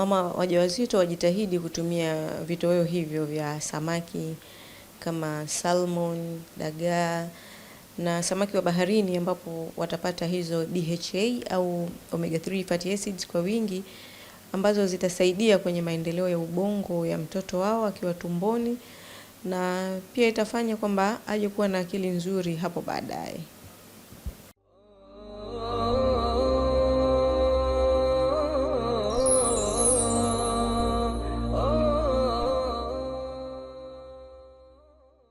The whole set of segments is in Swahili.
mama wajawazito wajitahidi kutumia vitoweo hivyo vya samaki kama salmon, dagaa na samaki wa baharini ambapo watapata hizo DHA au omega 3 fatty acids kwa wingi ambazo zitasaidia kwenye maendeleo ya ubongo ya mtoto wao akiwa tumboni na pia itafanya kwamba aje kuwa na akili nzuri hapo baadaye.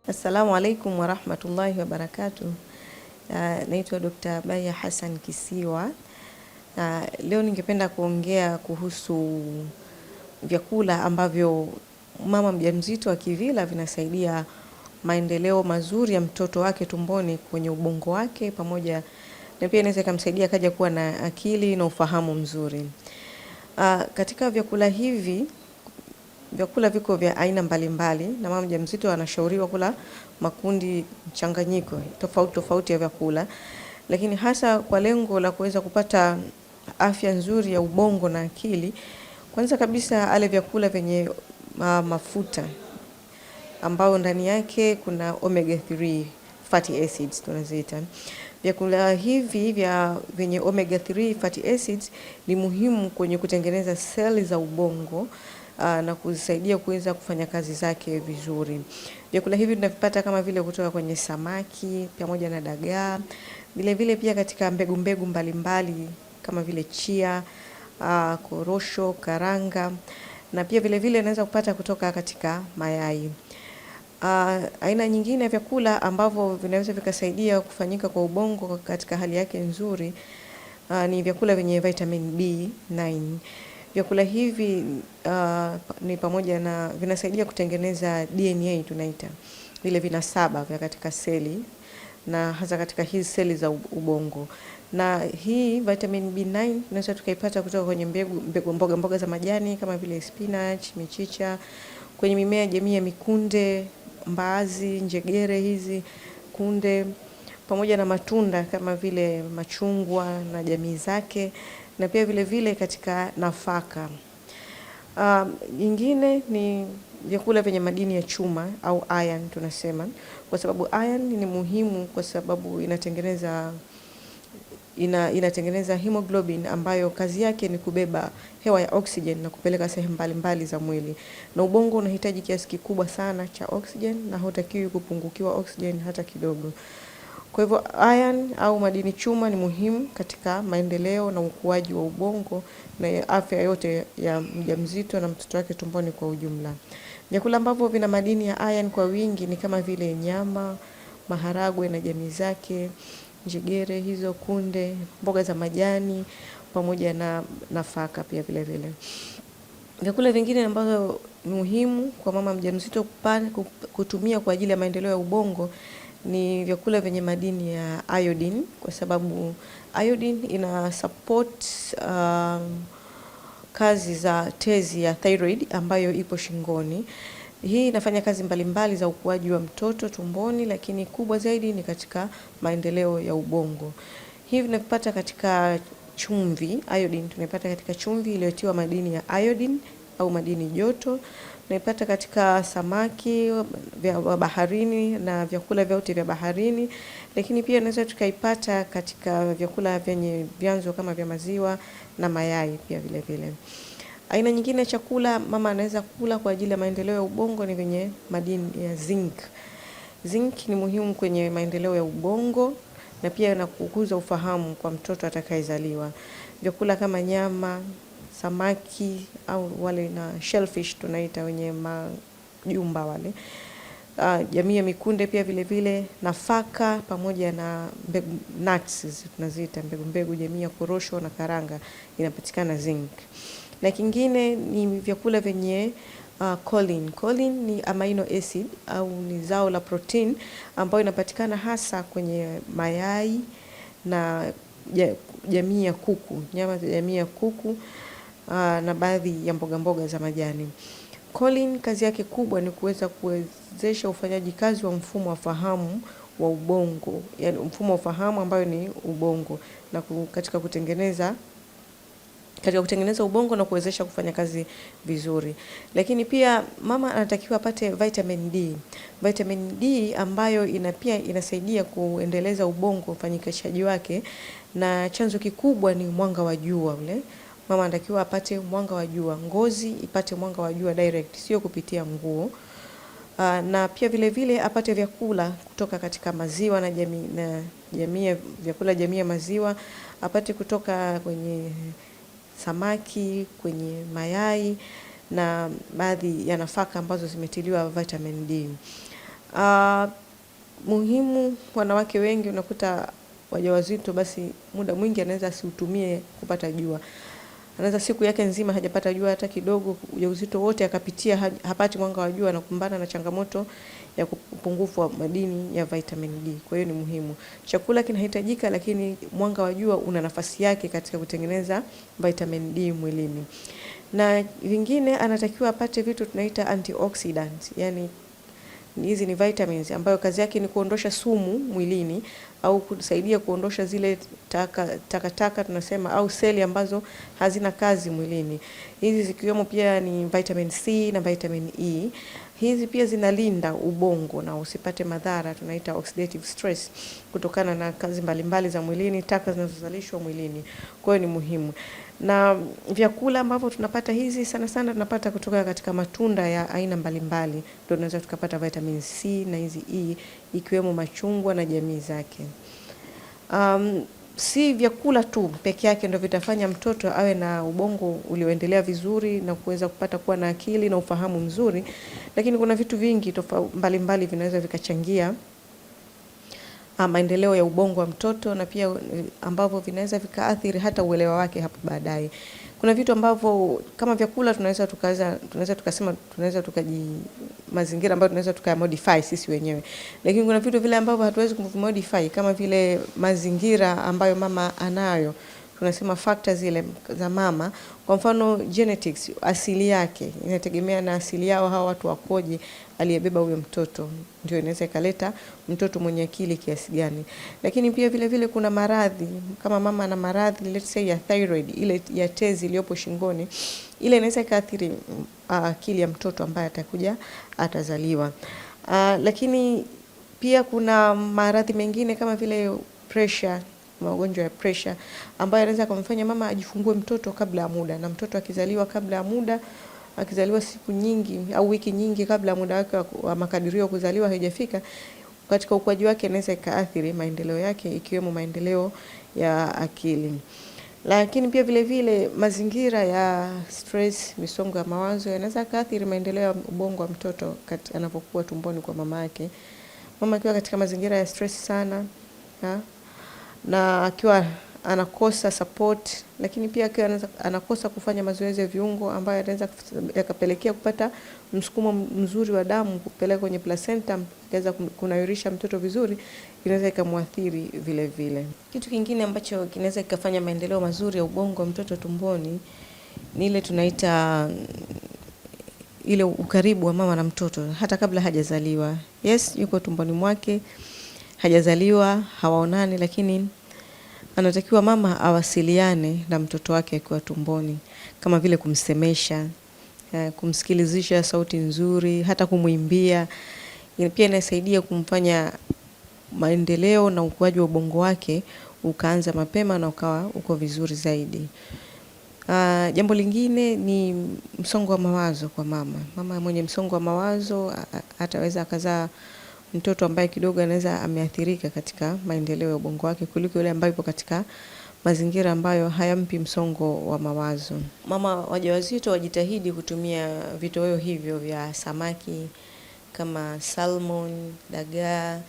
Assalamu alaikum warahmatullahi wabarakatuh. Uh, naitwa Dr. Baya Hassan Kisiwa. Uh, leo ningependa kuongea kuhusu vyakula ambavyo mama mjamzito akivila vinasaidia maendeleo mazuri ya mtoto wake tumboni kwenye ubongo wake pamoja na pia inaweza ikamsaidia akaja kuwa na akili na ufahamu mzuri. Uh, katika vyakula hivi Vyakula viko vya aina mbalimbali mbali, na mama mjamzito anashauriwa kula makundi mchanganyiko tofauti tofauti ya vyakula, lakini hasa kwa lengo la kuweza kupata afya nzuri ya ubongo na akili. Kwanza kabisa ale vyakula vyenye mafuta ambayo ndani yake kuna omega 3 fatty acids tunaziita. Vyakula hivi vya vyenye omega 3 fatty acids ni muhimu kwenye kutengeneza seli za ubongo Uh, na kuzisaidia kuweza kufanya kazi zake vizuri. Vyakula hivi tunavipata kama vile kutoka kwenye samaki pamoja na dagaa, vile vile pia katika mbegu mbegu mbalimbali mbali, kama vile chia, uh, korosho, karanga na pia vile vile naweza kupata kutoka katika mayai. Uh, aina nyingine ya vyakula ambavyo vinaweza vikasaidia kufanyika kwa ubongo katika hali yake nzuri, uh, ni vyakula vyenye vitamin B9. Vyakula hivi uh, ni pamoja na vinasaidia kutengeneza DNA tunaita vile vina saba vya katika seli na hasa katika hizi seli za ubongo. Na hii vitamin B9 tunaweza tukaipata kutoka kwenye mbegu, mbegu mboga mboga za majani kama vile spinach, michicha, kwenye mimea jamii ya mikunde, mbaazi, njegere hizi kunde pamoja na matunda kama vile machungwa na jamii zake na pia vile vile katika nafaka. Um, ni vyakula vyenye madini ya chuma au iron tunasema, kwa sababu iron ni muhimu kwa sababu inatengeneza ina, inatengeneza hemoglobin ambayo kazi yake ni kubeba hewa ya oxygen na kupeleka sehemu mbalimbali za mwili, na ubongo unahitaji kiasi kikubwa sana cha oxygen na hutakiwi kupungukiwa oxygen hata kidogo. Kwa hivyo iron au madini chuma ni muhimu katika maendeleo na ukuaji wa ubongo na afya yote ya mjamzito na mtoto wake tumboni kwa ujumla. Vyakula ambavyo vina madini ya iron kwa wingi ni kama vile nyama, maharagwe na jamii zake, njegere hizo, kunde, mboga za majani pamoja na nafaka pia vile vile. Vyakula vingine ambavyo ni muhimu kwa mama mjamzito kutumia kwa ajili ya maendeleo ya ubongo ni vyakula vyenye madini ya iodine kwa sababu iodine ina support um, kazi za tezi ya thyroid ambayo ipo shingoni. Hii inafanya kazi mbalimbali mbali za ukuaji wa mtoto tumboni, lakini kubwa zaidi ni katika maendeleo ya ubongo. Hii vinapata katika chumvi iodine, tunapata katika chumvi iliyotiwa madini ya iodine au madini joto naipata katika samaki vya baharini na vyakula vyote vya baharini, lakini pia naweza tukaipata katika vyakula vyenye vyanzo kama vya maziwa na mayai pia vile vile. Aina nyingine ya chakula mama anaweza kula kwa ajili ya maendeleo ya ubongo ni vyenye madini ya zinc. Zinc ni muhimu kwenye maendeleo ya ubongo na pia na kukuza ufahamu kwa mtoto atakayezaliwa. Vyakula kama nyama samaki au wale na shellfish tunaita wenye majumba wale. Uh, jamii ya mikunde pia vile nafaka pamoja na mbegu nuts tunaziita mbegu mbegu, jamii ya korosho na karanga inapatikana zinc. Na kingine ni vyakula vyenye uh, choline. Choline ni amino acid au ni zao la protein ambayo inapatikana hasa kwenye mayai na jamii ya kuku, nyama za jamii ya kuku uh, na baadhi ya mboga mboga za majani. Colin kazi yake kubwa ni kuweza kuwezesha ufanyaji kazi wa mfumo wa fahamu wa ubongo, yani mfumo wa fahamu ambayo ni ubongo na katika kutengeneza katika kutengeneza ubongo na kuwezesha kufanya kazi vizuri. Lakini pia mama anatakiwa apate vitamin D. Vitamin D ambayo ina pia inasaidia kuendeleza ubongo, ufanyikishaji wake, na chanzo kikubwa ni mwanga wa jua ule mama anatakiwa apate mwanga wa jua, ngozi ipate mwanga wa jua direct, sio kupitia nguo. Uh, na pia vile vile apate vyakula kutoka katika maziwa na jamii na jamii vyakula jamii ya maziwa, apate kutoka kwenye samaki, kwenye mayai na baadhi ya nafaka ambazo zimetiliwa vitamin D. Uh, muhimu wanawake wengi unakuta wajawazito, basi muda mwingi anaweza asiutumie kupata jua anaweza siku yake nzima hajapata jua hata kidogo, ujauzito wote akapitia, hapati mwanga wa jua, anakumbana na changamoto ya upungufu wa madini ya vitamin D. Kwa hiyo ni muhimu, chakula kinahitajika, lakini mwanga wa jua una nafasi yake katika kutengeneza vitamin D mwilini. Na vingine anatakiwa apate vitu tunaita antioxidant, yani hizi ni vitamins ambayo kazi yake ni kuondosha sumu mwilini au kusaidia kuondosha zile takataka taka, taka, tunasema au seli ambazo hazina kazi mwilini. Hizi zikiwemo pia ni vitamin C na vitamin E. Hizi pia zinalinda ubongo na usipate madhara tunaita oxidative stress kutokana na kazi mbalimbali za mwilini, taka zinazozalishwa mwilini. Kwa hiyo ni muhimu, na vyakula ambavyo tunapata hizi sana sana tunapata kutoka katika matunda ya aina mbalimbali, ndio tunaweza tukapata vitamin C na hizi E ikiwemo machungwa na jamii zake um, si vyakula tu peke yake ndio vitafanya mtoto awe na ubongo ulioendelea vizuri na kuweza kupata kuwa na akili na ufahamu mzuri, lakini kuna vitu vingi mbalimbali vinaweza vikachangia ah, maendeleo ya ubongo wa mtoto na pia eh, ambavyo vinaweza vikaathiri hata uelewa wake hapo baadaye kuna vitu ambavyo kama vyakula tunaweza tukaza tunaweza tukasema tunaweza tukaji mazingira ambayo tunaweza tukamodify sisi wenyewe, lakini kuna vitu vile ambavyo hatuwezi kumodify kama vile mazingira ambayo mama anayo tunasema factors zile za mama, kwa mfano genetics, asili yake inategemea na asili yao hawa watu wakoje, aliyebeba huyo mtoto, ndio inaweza ikaleta mtoto mwenye akili kiasi gani. Lakini pia vile vile kuna maradhi, kama mama ana maradhi let's say ya thyroid, ile ya tezi iliyopo shingoni, ile inaweza ikaathiri akili ya mtoto ambaye atakuja atazaliwa. Uh, lakini pia kuna maradhi mengine kama vile pressure magonjwa ya pressure ambayo anaweza kumfanya mama ajifungue mtoto kabla ya muda, na mtoto akizaliwa kabla ya muda akizaliwa siku nyingi au wiki nyingi kabla ya muda wake wa makadirio kuzaliwa haijafika, katika ukuaji wake inaweza ikaathiri maendeleo yake ikiwemo maendeleo ya akili. Lakini pia vile vile mazingira ya stress, misongo ya mawazo yanaweza kaathiri maendeleo ya ubongo wa mtoto anapokuwa tumboni kwa mama yake. Mama akiwa katika mazingira ya stress sana ha? na akiwa anakosa support, lakini pia akiwa anakosa kufanya mazoezi ya viungo ambayo yanaweza yakapelekea kupata msukumo mzuri wa damu kupeleka kwenye placenta ikaweza kunawirisha mtoto vizuri, inaweza ikamwathiri vile vile. Kitu kingine ambacho kinaweza kikafanya maendeleo mazuri ya ubongo wa mtoto tumboni ni ile tunaita ile ukaribu wa mama na mtoto hata kabla hajazaliwa. Yes, yuko tumboni mwake, hajazaliwa, hawaonani, lakini anatakiwa mama awasiliane na mtoto wake akiwa tumboni, kama vile kumsemesha, eh, kumsikilizisha sauti nzuri, hata kumwimbia. Pia inasaidia kumfanya maendeleo na ukuaji wa ubongo wake ukaanza mapema na ukawa uko vizuri zaidi. Uh, jambo lingine ni msongo wa mawazo kwa mama. Mama mwenye msongo wa mawazo ataweza akazaa mtoto ambaye kidogo anaweza ameathirika katika maendeleo ya ubongo wake kuliko yule ambaye yupo katika mazingira ambayo hayampi msongo wa mawazo. Mama wajawazito wajitahidi kutumia vitoweo hivyo vya samaki kama salmon, dagaa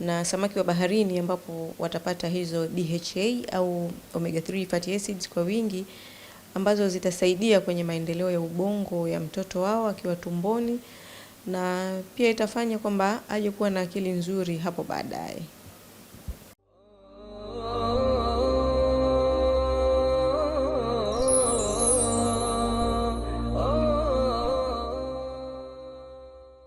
na samaki wa baharini ambapo watapata hizo DHA au omega 3 fatty acids kwa wingi ambazo zitasaidia kwenye maendeleo ya ubongo ya mtoto wao akiwa tumboni na pia itafanya kwamba aje kuwa na akili nzuri hapo baadaye.